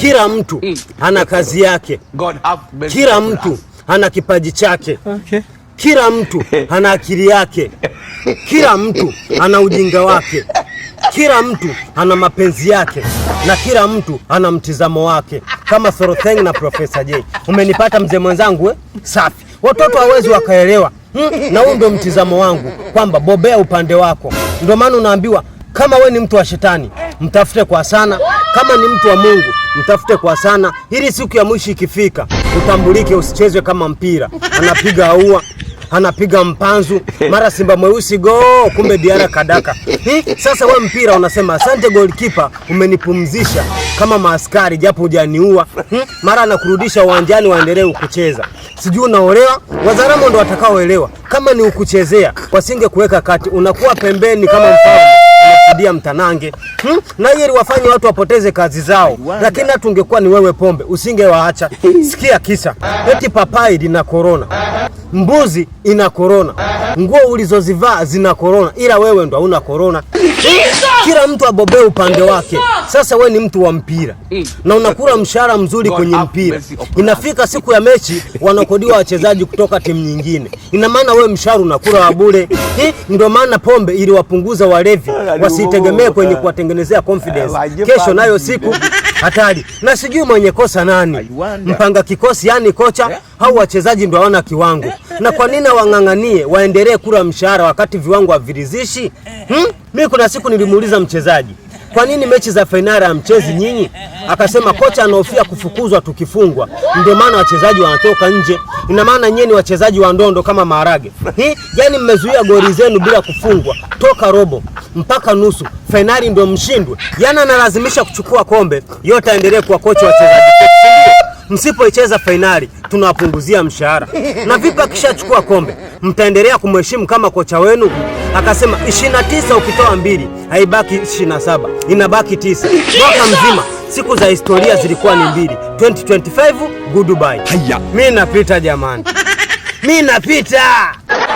Kila mtu mm. ana kazi yake, kila mtu ana kipaji chake, kila mtu ana akili yake, kila mtu ana ujinga wake, kila mtu ana mapenzi yake, na kila mtu ana mtizamo wake, kama sorotheng na Profesa J. Umenipata mzee mwenzangu eh? Safi. Watoto hawezi wakaelewa Hmm, na huo ndio mtizamo wangu kwamba bobea upande wako. Ndio maana unaambiwa kama we ni mtu wa shetani, mtafute kwa sana. Kama ni mtu wa Mungu mtafute kwa sana, ili siku ya mwisho ikifika utambulike, usichezwe kama mpira. Anapiga aua, anapiga mpanzu, mara simba mweusi go, kumbe diara kadaka. Hi, sasa we mpira unasema asante goalkeeper, umenipumzisha kama maaskari japo hujaniua. Mara anakurudisha uwanjani waendelee kucheza. Sijui unaolewa, Wazaramo ndo watakaoelewa. Kama ni ukuchezea, wasinge kuweka kati, unakuwa pembeni kama mfano kusaidia mtanange hmm? na hiyo iliwafanya watu wapoteze kazi zao, lakini hata ungekuwa ni wewe Pombe usingewaacha. Sikia kisa eti papai lina korona, mbuzi ina korona, nguo ulizozivaa zina korona, ila wewe ndo hauna korona. Kila mtu abobee upande wake. Sasa we ni mtu wa mpira mm. na unakula mshahara mzuri kwenye mpira, inafika siku ya mechi wanakodiwa wachezaji kutoka timu nyingine, ina maana we mshahara unakula wa bure. Ndio maana pombe ili wapunguza walevi wasitegemee kwenye eh. kuwatengenezea confidence. Eh, Kesho nayo siku hatari, na sijui mwenye kosa nani, mpanga kikosi, yani kocha eh. au wachezaji ndio hawana kiwango na kwa nini wang'ang'anie waendelee kula mshahara wakati viwango havirizishi hmm? Mi kuna siku nilimuuliza mchezaji, kwa nini mechi za fainali mchezi nyinyi? Akasema kocha anahofia kufukuzwa tukifungwa, ndio maana wachezaji wanatoka nje. Ina maana nyinyi ni wachezaji wa ndondo kama maharage hii? Yani mmezuia goli zenu bila kufungwa toka robo mpaka nusu fainali, ndio mshindwe. Yani analazimisha kuchukua kombe yote, aendelee kuwa kocha wachezaji msipoicheza fainali tunawapunguzia mshahara, na vipi akishachukua kombe mtaendelea kumheshimu kama kocha wenu? Akasema 29 ukitoa mbili haibaki 27, inabaki tisa. Mwaka mzima siku za historia zilikuwa ni mbili. 2025 goodbye. Haya, mimi napita jamani, mimi napita.